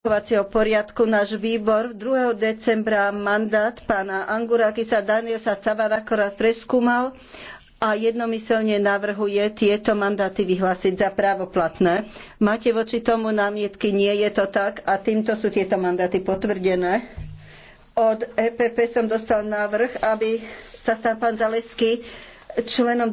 rokovacieho poriadku náš výbor 2. decembra mandát pána Angurakisa Daniela Cavarakora preskúmal a jednomyselne navrhuje tieto mandáty vyhlásiť za právoplatné. Máte voči tomu námietky? Nie je to tak a týmto sú tieto mandáty potvrdené. Od EPP som dostal návrh, aby sa stal pán Zalesky členom